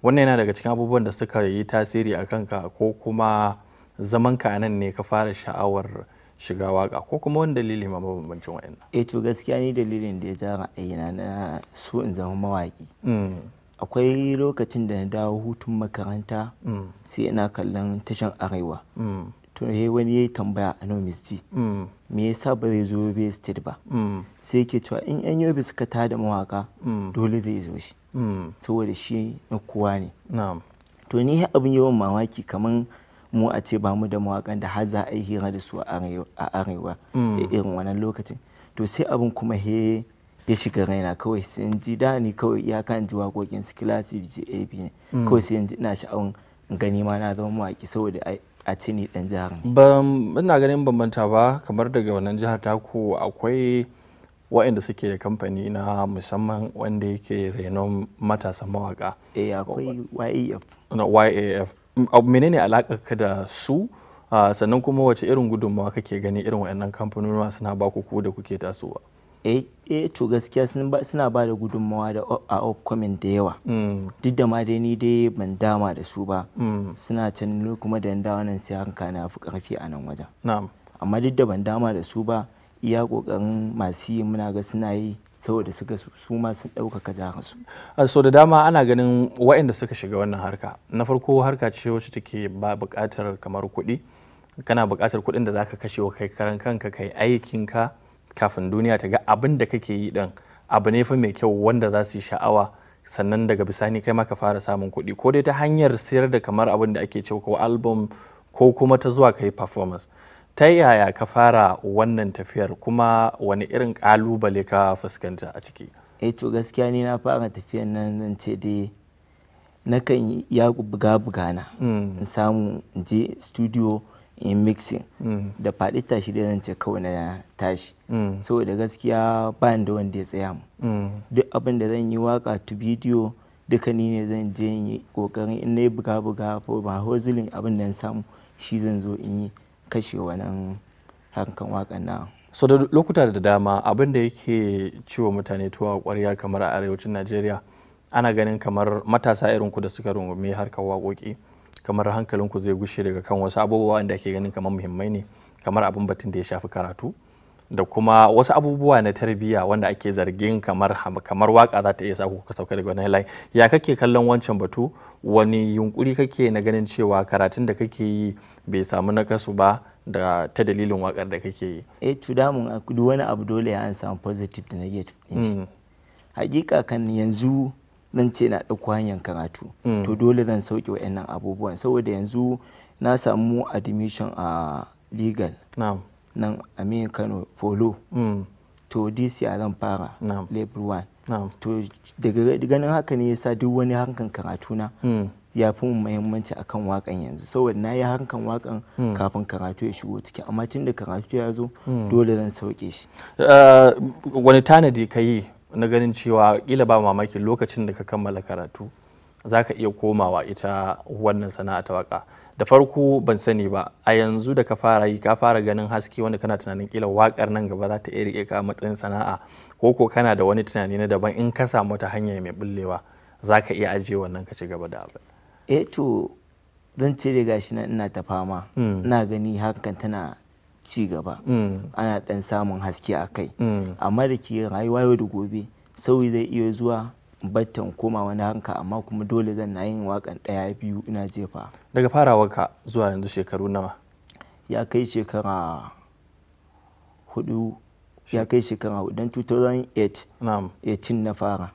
wannan yana daga cikin abubuwan da suka yi tasiri a kanka ko kuma zaman ka nan ne ka fara sha'awar shiga waka ko kuma wani dalili ma mabambancin wa'in E, eh to gaskiya ni dalilin da ya ja ra'ayina na so in zama mawaki mm. akwai lokacin da na dawo hutun makaranta mm. sai ina kallon tashan arewa mm. to he wani yayi tambaya a no miss ji me yasa ba zai zo yobe state ba sai yake cewa in yan yobe suka tada mawaka dole zai zo shi saboda shi na kowa ne to ni abin yawan mamaki kaman mu a ce ba mu da mawakan da har za a yi hira da su a arewa da mm. eh, irin wannan lokacin to sai abin kuma he ya shiga raina kawai sai ji da ni kawai kan ji waƙoƙin su kilasi jab ne mm. kawai sai ji ina sha'awar gani ma na zama mawaƙi saboda a ce ni ɗan jihar ne. ina ganin bambanta ba kamar daga wannan jihar taku akwai wa'inda suke da kamfani na musamman wanda yake renon matasan mawaƙa. eh akwai yaf. yaf abu menene alakar ka da su sannan kuma wace irin gudunmawa kake gani irin waɗannan kamfanoni suna ba ku da kuke tasowa eh, eh to gaskiya suna ba da gudunmawa da a upcoming da yawa mm. duk da ma dai ni dai ban dama da su ba mm. suna can kuma da dawo nan sai hanka na fi karfi a nan wajen amma duk da ban dama da su ba iya kokarin masu yi muna ga suna yi saboda suka su ma sun ɗaukaka jihar so da dama ana ganin waɗanda suka shiga wannan harka na farko harka ce wacce take ba buƙatar kamar kuɗi kana buƙatar kuɗin da zaka kashe wa kai karan kanka kai aikinka kafin duniya ta ga abin da kake yi ɗin abu ne fa mai kyau wanda za su yi sha'awa sannan daga bisani kai ma ka fara samun kuɗi ko dai ta hanyar sayar da kamar abin da ake cewa ko album ko kuma ta zuwa kai performance ta yaya ka fara wannan tafiyar kuma wani irin kalubale ka fuskanta a ciki eh to gaskiya ni na fara tafiyar nan zan ce dai na kan ya buga buga na mm. in samu in je studio in mixing mm. da faɗi tashi da zan ce kawai na tashi mm. saboda gaskiya ba da wanda ya tsaya mu duk abin da zan yi waka to bidiyo duka ni ne zan je in yi kokarin in na yi buga buga ba hozilin abin da samu shi zan zo in yi kashe wannan hankan wakan na so da lokuta da dama abin da yake ciwo mutane tuwa kwarya kamar a arewacin najeriya ana ganin kamar matasa irin ku da suka rungumi harkar waƙoƙi kamar hankalinku zai gushe daga kan wasu abubuwa da ake ganin kamar muhimmai ne kamar abin batun da ya shafi karatu da kuma wasu abubuwa na tarbiyya wanda ake zargin kamar kamar waka za ta iya sa kuka sauka daga wani layi ya kake kallon wancan batu wani yunkuri kake na ganin cewa karatun da kake yi bai samu nakasu ba da ta dalilin wakar da kake yi eh to damun duk wani abu dole ya an samu positive da negative din mm. hakika kan yanzu nan ce na dauko hanyar karatu mm. to dole zan sauke wa'annan abubuwan saboda yanzu na samu admission a legal na'am nan amin kano polo mm. to dc a zan fara level 1 to ganin haka ne yasa duk wani hankan karatu na mm. ya fi muhimmanci akan wakan yanzu saboda na yi harkan wakan mm. kafin karatu ya shigo ciki amma tun da karatu ya zo dole zan sauke shi uh, wani tanadi ka yi na ganin cewa kila ba mamaki lokacin da ka kammala karatu za ka iya komawa ita wannan sana'a ta waka da farko ban sani ba a yanzu da ka fara yi ka fara ganin haske wanda kana tunanin kila wakar nan gaba za ta iya rike ka matsayin sana'a ko ko kana da wani tunani na daban in ka samu ta hanya mai bullewa za ka iya ajiye wannan ka ci gaba da abin eh to don ce da gashi na ina ta fama hmm. ina gani hakan tana ci gaba hmm. ana dan samun haske a kai hmm. amma da ke rayuwa yau da gobe sauyi zai iya zuwa battan koma wani hanka amma kuma dole zan na yin wakan ɗaya biyu ina jefa daga ka zuwa yanzu shekaru nawa ya kai shekara hudu ya kai shekara hudu don 2008 na fara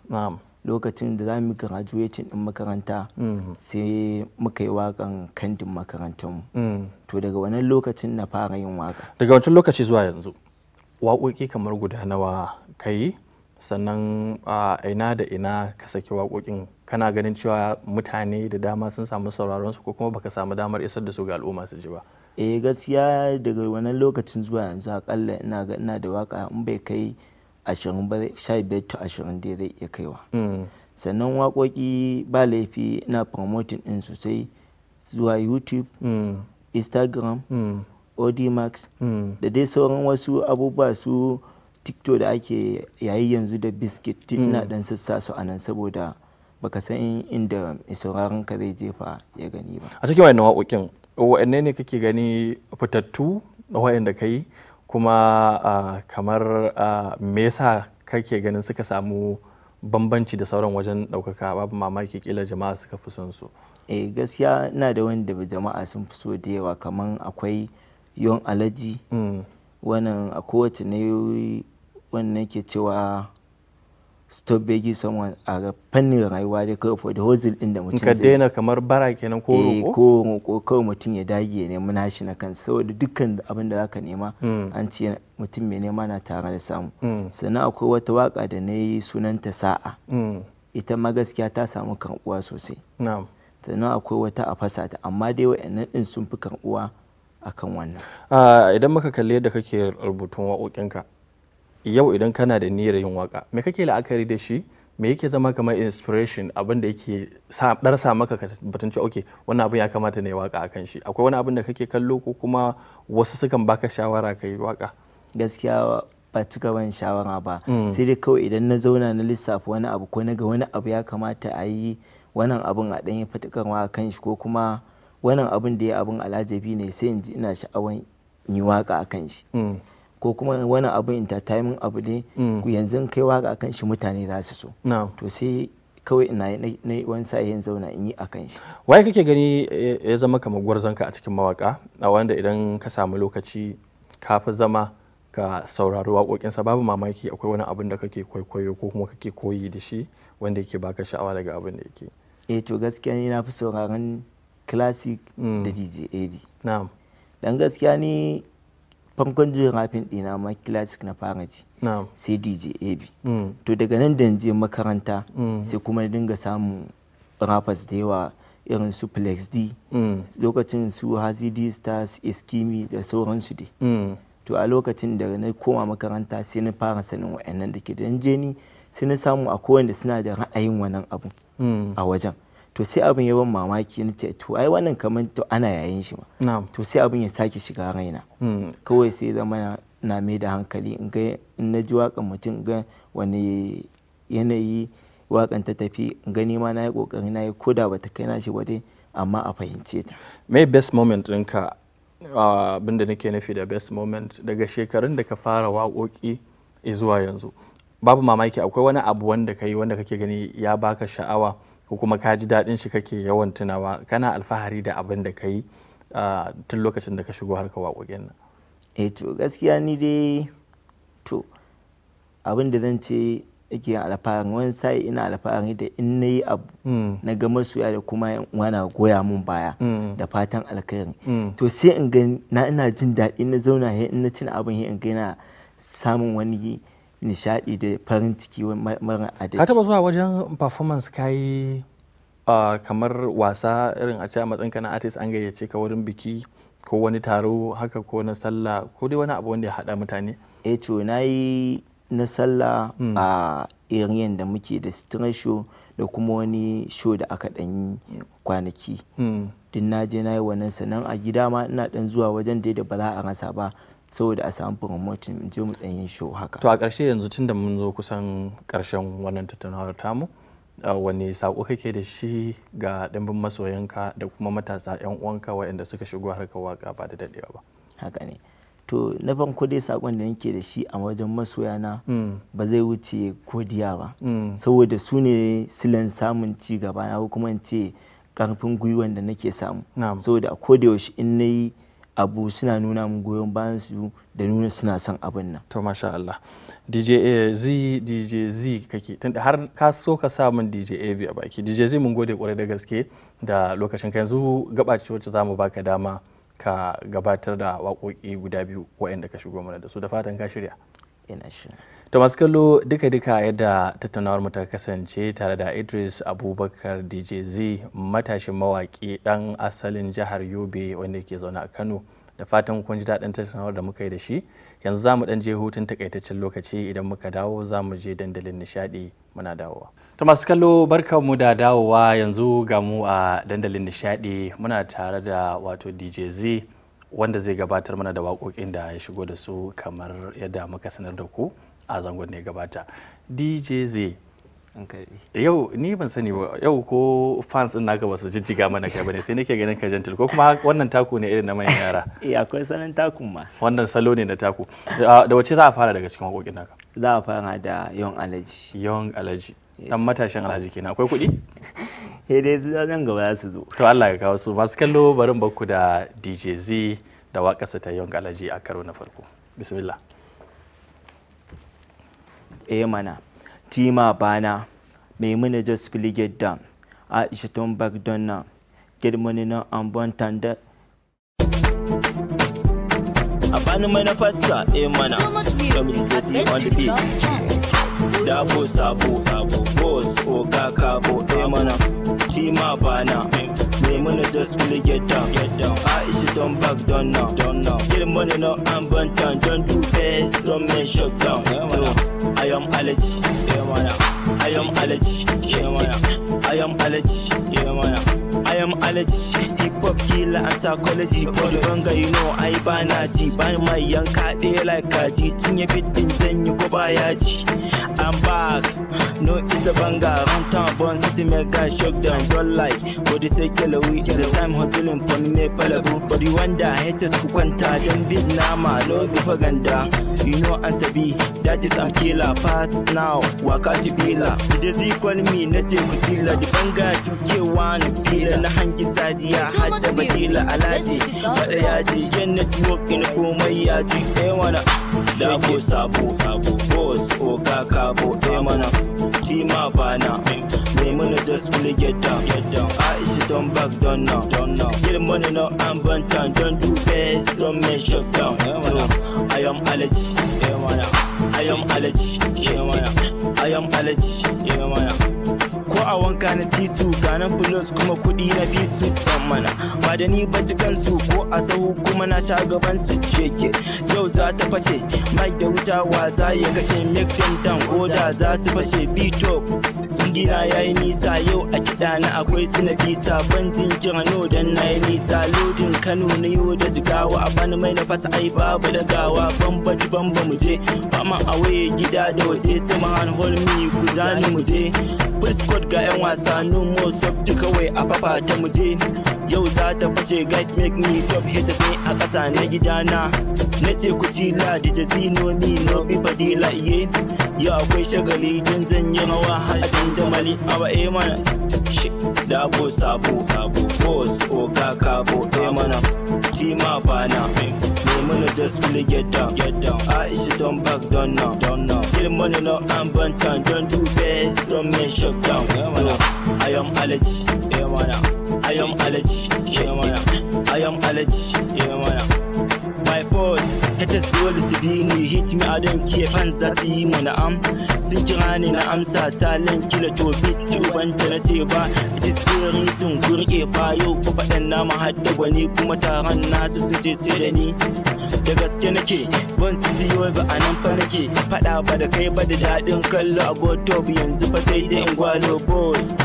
lokacin da za mu graduating din makaranta mm-hmm. sai muka yi wakan kandin makarantarmu mm. to daga wannan lokacin na fara yin waka daga wancan lokaci zuwa yanzu waƙoƙi kamar guda nawa ka yi sannan a ina da ina ka saki waƙoƙin kana ganin cewa mutane da dama sun samu sauraron su ko kuma baka samu damar isar da su ga al'umma su ji ba eh gaskiya daga wannan lokacin zuwa yanzu akalla ina ga ina da waka in bai kai ashirin ba sha to ashirin dai zai iya kaiwa mm. sannan waƙoƙi ba laifi ina promoting din sosai zuwa youtube mm. instagram mm. audimax da dai sauran wasu abubuwa su tiktok da ake yayi yanzu da biskit tun na mm. dan sassa su a nan saboda baka san inda sauraron ka zai jefa ya gani ba a cikin wayannan waƙoƙin wa'anne ne kake gani fitattu wa'anda da kai kuma kamar me yasa kake ganin suka samu bambanci da sauran wajen ɗaukaka babu mamaki kila jama'a suka fi son su eh gaskiya na da wanda jama'a sun fi so da yawa kamar akwai yon alaji mm. wannan a kowace ne wannan ke cewa stop begging someone a ga fannin rayuwa dai kawai for the hustle din da mutum ka daina kamar bara kenan ko Eh ko roko kawai mutum ya dage ya nemi nashi na kan saboda dukkan abin da zaka nema hmm. an ce mutum mai nema na tare da samu hmm. sannan akwai wata waka da na yi sunanta sa'a hmm. ita ma gaskiya ta samu karbuwa sosai sannan akwai wata a fasata amma dai wayannan din sun fi karbuwa akan wannan idan muka kalli yadda kake rubutun waƙoƙinka yau idan kana da niyyar yin waƙa me kake la'akari da shi me yake zama kamar inspiration abin da yake sa maka ka batun ce okay wannan abin ya kamata ne waka akan shi akwai wani abin da kake kallo ko kuma wasu sukan baka shawara ka yi waka gaskiya ba cika ban shawara ba mm. sai dai kawai idan na zauna na lissafi wani abu ko na ga wani abu ya kamata a yi wannan abin a ɗanyen fatakarwa a kan shi ko kuma wannan abin da ya abin alajabi ne sai in ji ina sha'awan yi waka a kan shi mm. ko kuma wannan abin entertainment abu ne mm. yanzu kai waka a kan shi mutane za su so to sai kawai ina na wani sa'ayin zauna in yi a kan shi waye kake gani ya zama kamar gwarzonka a cikin mawaka a wanda idan ka samu lokaci ka fi zama ka saurari waƙoƙinsa babu mamaki akwai wani abin da kake kwaikwayo ko kuma kake koyi da shi wanda yake baka sha'awa daga abin da yake eh to gaskiya ni na fi sauraron classic mm. da dj ab na'am dan gaskiya ni farkon juyin rafin dina ma classic na fara ji sai dj ab mm. to daga nan da je makaranta mm. sai kuma dinga samun rappers da yawa irin su flex d lokacin su hazi d stars iskimi da sauransu dai to a lokacin da na koma makaranta sai na fara sanin wa'annan da ke da je ni sai na samu a kowanne suna da ra'ayin wannan abu a wajen to sai abin ya ban mamaki na ce to ai wannan kamar to ana yayin shi ma to sai abin ya sake shiga raina hmm. kawai sai zama na mai da hankali in ga in na ji wakan mutum ga wani yanayi wakan ta tafi gani ma na yi kokari na yi ko da bata kai na shi ba amma a fahimce ta me best moment ɗinka abin nake nufi da best moment daga shekarun da ka fara waƙoƙi zuwa yanzu babu mamaki akwai wani abu wanda ka yi wanda kake gani ya baka sha'awa ko kuma ka ji daɗin shi kake yawan tunawa kana alfahari da abin da ka yi tun lokacin da ka shigo harka waƙoƙin nan eh to gaskiya ni dai to abin da zan ce yake yin alfahari wani sai ina alfahari da in na yi abu mm. na ga masoya da kuma wana goya mun baya mm. da fatan alkhairi mm. to sai in ga na ina jin daɗi na zauna in na cin abin in ga samun wani nishadi da farin ciki mara adadi ka taba zuwa wajen performance ka yi. kamar wasa irin a cewa a matsayinka na artist an gayyace ka wurin biki ko wani taro haka ko na sallah ko dai wani abu wanda ya haɗa mutane eh to na yi na sallah hmm. a irin da muke da stress show da kuma wani show da aka ɗan yi kwanaki hmm. din na je na yi wannan sannan a gida ma ina dan zuwa wajen da ba za a rasa ba saboda a samu promotion in je mu tsanyin sho show haka to a ƙarshe yanzu tun da mun zo kusan ƙarshen wannan tattaunawar tamu wani sako kake da shi ga ɗimbin masoyanka da kuma matasa yan uwanka waɗanda suka shigo harkar waka ba da dadewa ba haka ne to na farko dai sakon da nake da shi a wajen masoyana mm. ba zai wuce kodiya ba mm. saboda su ne silan samun ci gaba na kuma in ce karfin gwiwan da nake samu saboda a koda yaushe in nayi abu suna nuna mun goyon bayan su da nuna suna son abin nan to masha Allah DJ Z DJ Z kake tunda har ka so ka sa min DJ AB a baki DJ Z mun gode kwarai da gaske da lokacin ka yanzu gaba wacce zamu baka dama ka gabatar da wakoki guda biyu waɗanda ka shigo mana da su da fatan ka shirya ina shirya da masu kallo duka-duka yadda tattaunawar mu ta kasance tare da idris abubakar djz matashin mawaƙi dan asalin jihar yobe wanda ke zaune a kano da fatan kun ji daɗin tattaunawar da muka yi da shi yanzu zamu mu je hutun takaitaccen lokaci idan muka dawo zamu je dandalin nishadi muna dawowa ta masu kallo barkan mu da dawowa yanzu ga mu a dandalin nishaɗi muna tare da wato djz wanda zai gabatar mana da waƙoƙin da ya shigo da su kamar yadda muka sanar da ku a zangon ne ya gabata dj zai yau ni ban sani ba yau ko fans din naka su jijjiga mana kai bane sai nake ganin ka gentle ko kuma wannan taku ne irin na manyan yara eh akwai sanin takun ma wannan salo ne na taku da wace za a fara daga cikin hakokin naka za a fara da young alaji young alaji dan matashin alhaji kenan akwai kuɗi eh dai zan gaba za su zo to Allah ya kawo su masu kallo barin bakku da DJ Z da waƙarsa ta young alaji a karo na farko bismillah eh mana tima bana maimuna just filigate da aisha tun bak don nan girmani na an tanda a bani manufarsa eh mana kamar jesse on the beat dabo sabo sabo boss oga kabo bo eh mana tima bana wanna just really get down, get down. I is don't back, down now. don't know. Get the money now, I'm burnt down. Don't do this, don't make shut down. No, I am allergy. I am allergy. I am allergy. I am allergy. I am allergy hip hop killer and psychology but banga you know I bana ji ban mai yanka ɗaya like kaji tun ya fitin zan yi ko baya ji I'm back no it's a banga run town born city mega shock down run light body say killer we is a time hustling for me palabu but you wonder haters ku kwanta don big nama no propaganda. you know answer be that a killer pass now Walk out to bila DJ Z call me na ce ku tila the banga 2K1 fila na hangi sadiya har da bakila alaji wada yaji yan network in komai yaji ɗaya eh, mana dabo sabo boss oga kabo ɗaya eh, mana tima bana mai mana just fully get down get down aisha don back don now don now get money now and bantan don do best don make shut down eh, i am allergy i am allergy i am allergy a wanka na tisu ganan plus kuma kuɗi na fisu ban mana ba da ni ba kansu ko a sahu kuma na sha gaban su cheke yau za ta fashe mai da wuta wasa ya kashe make them down ko da za su fashe bito jingina ya yi nisa yau a kiɗa na akwai sinabi sabon jinjin no dan na yi nisa lodin kano na yau da jigawa a bani mai na fasa ai babu dagawa ban ba mu je ma a waye gida da waje sai hol holmi ku zani mu je ga 'yan wasa no more ji kawai a fafa ta muje yau za ta fashe guys make me top hit ne a ƙasa na gidana na ce ku ci la di jazi no me no be yau akwai shagali don zan yi hawa hadin da mali awa eman eh, dabo sabo sabo boss oga kabo eh mana tima bana me mana just really get down get down aisha don't back down now down now kill money no i'm bantan don't do best don't make shut down i am allergy eh mana i am allergy eh mana i am allergy eh, eh mana my boss kata dole su bi ni hitmi a don kiye fans za su yi mu na'am sun kira ni na amsa salon kila to bit ubanta na ce ba ji tsirin sun gurke fa yau ku faɗan na mahadda gwani kuma taron nasu su ce su da ni da gaske nake ban ba a nan fa nake faɗa ba da kai ba da daɗin kallo a yanzu fa sai dai in gwalo boss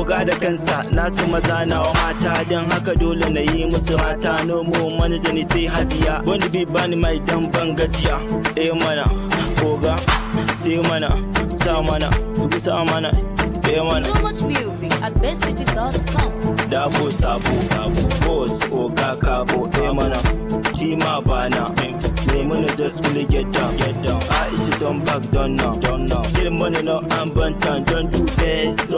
oga da kansa nasu maza nawa mata don haka dole na yi musu hata nomo mana da ni sai hajiya wani bi bani mai dan ban gajiya eh mana oga sai mana sa mana su gusa mana eh mana so much music at bestcity.com dabo sabo sabo boss oga kabo eh mana jima bana me mana just really get down get down i is it on back don't know don't know get money no i'm down. don't do that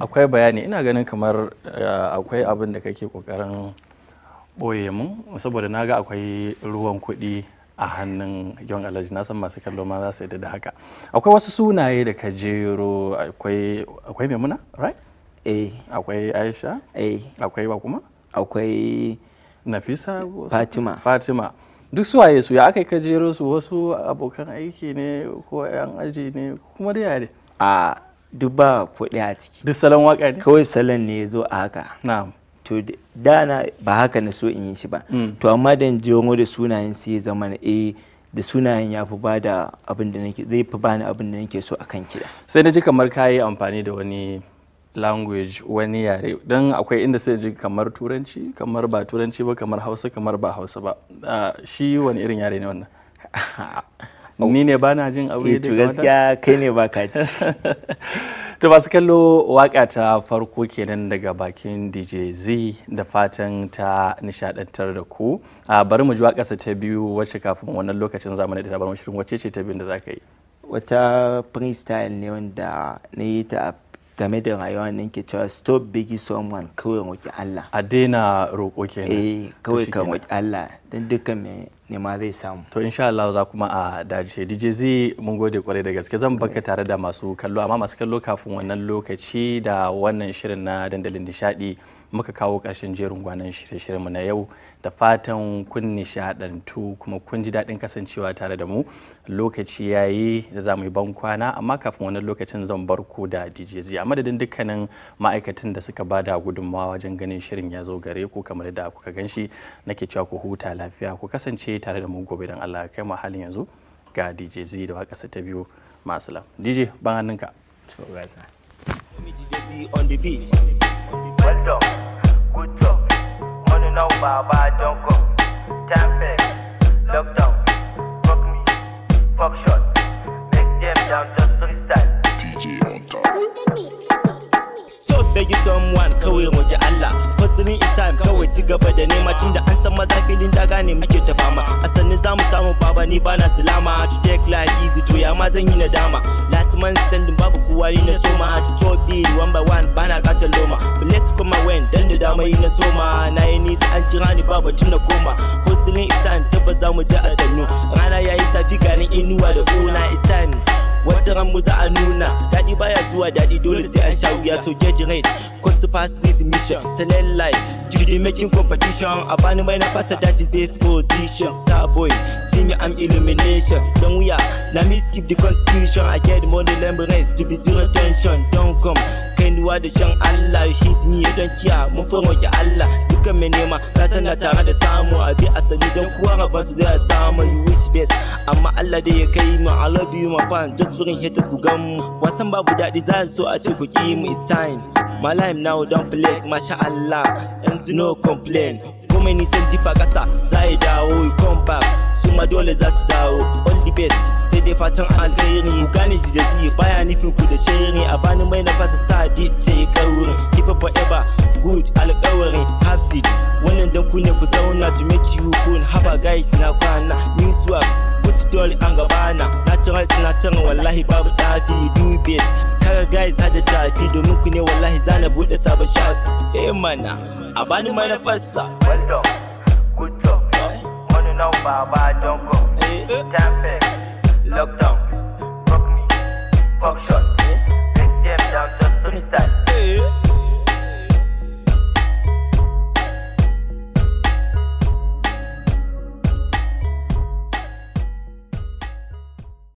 akwai bayani ina ganin kamar eh, akwai abin da kake kokarin boye mu saboda na ga akwai ruwan kuɗi a hannun yawan alhaji na san masu kallo ma za su yadda da haka akwai wasu sunaye da ka jero akwai memuna right eh akwai aisha eh akwai wa kuma akwai nafisa fatima fatima duk suwaye su ya aka ka jero su wasu abokan aiki ne ko yan aji ne kuma da yare a ah, duk ba kuɗi a ciki duk salon waka ne kawai salon ne ya zo a haka na'am to da na ba haka na so in yi shi ba mm. to amma da wani da sunayen sai zama na eh da sunayen ya fi ba da abin da nake zai fi bani abin da nake so akan kiɗa sai na ji kamar ka yi amfani da wani language wani yare don akwai inda sai ji kamar turanci kamar ba turanci ba kamar hausa kamar ba hausa ba ah, shi wani irin yare ne wannan Oh. ni ne bana jin aure eh, da gaskiya kai ne ba ka ci to masu kallo waka ta farko kenan daga bakin DJ Z da fatan ta nishadantar da ku bari mu ji wakarsa ta biyu wacce kafin wannan lokacin zamani da ta bar shirin wacce ce ta biyu da za ka yi wata freestyle ne wanda na yi ta game da rayuwa ne ke cewa stop bigi someone kawai roƙi Allah a daina roƙo ke eh kawai ka roƙi Allah dan dukkan me nema zai samu to insha Allah za kuma a dace DJ Z mun gode kwarai da gaske zan baka tare da masu kallo amma masu kallo kafin wannan lokaci da wannan shirin na dandalin nishaɗi. muka kawo ƙarshen jerin gwanan shirye-shiryenmu na yau da fatan kun nishadantu kuma kun ji daɗin kasancewa tare da mu lokaci ya yi da za mu yi ban kwana amma kafin wani lokacin zan bar ku da DJZ a madadin dukkanin ma'aikatan da suka bada gudunmawa wajen ganin shirin ya zo gare ku kamar da kuka gan shi nake cewa ku huta lafiya ku kasance tare da mu gobe don Allah kai mu halin yanzu ga DJZ da waƙarsa ta biyu masu lam DJ ban hannunka. on the beat. good talk, good talk. Money no baba don't go. Time peg, lockdown. Fuck me, fuck shot. Make them down just freestyle. DJ on top. Stop begging someone, kawai roƙi Allah. seasoning is time kawai ci gaba da nema tunda an san maza filin daga ne muke ta fama a sanin za mu samu baba ni bana silama to take life easy to ya ma zan yi nadama last man sending babu kowa ni na soma to chop beat one by one bana kata loma bless kuma wen dan da dama yi na soma na yi nisa an jira ni baba tun na koma hustling is time tabbas za mu je a sannu rana ya yi safi garin inuwa da kuna is time wata ran za a nuna daɗi baya zuwa daɗi dole sai an sha wuya so get right cause to pass this mission. it life, you the making competition. A bani when I pass that is base position. Star boy, see me, I'm illumination. Don't we are, now me skip the constitution. I get money, lembrance, to be zero tension. Don't come, kainuwa the shan Allah hit me don kiya mun fama ki Allah dukkan mai nema ka sana tare da samu a bi asali don kuwa rabon su zai samu you wish best amma Allah da ya kai mu I love you my pan, just for haters ku gan mu wasan babu that za so a ce with him, it's time my life time now don bless masha Allah and no complain komai nisan jifa kasa za yi dawo you come back su dole za su dawo all the best sai dai fatan alkhairi gane jijaji baya nufin ku da shairi a bani mai na fasa sa DJ kawurin keep up forever good alkawari hapsid wannan dan ku ne ku zauna to make you cool haba guys na kwana new swap Put wuce dole an gabana natural sinatarin wallahi babu it best. kaga guys had hada tafi domin ku ne wallahi zana bude sabon shafi eh mana a bani mana Well done, good talk money now baba don't go tempe eh, eh. lockdown fuck me fuck shot big eh. jam down just to me style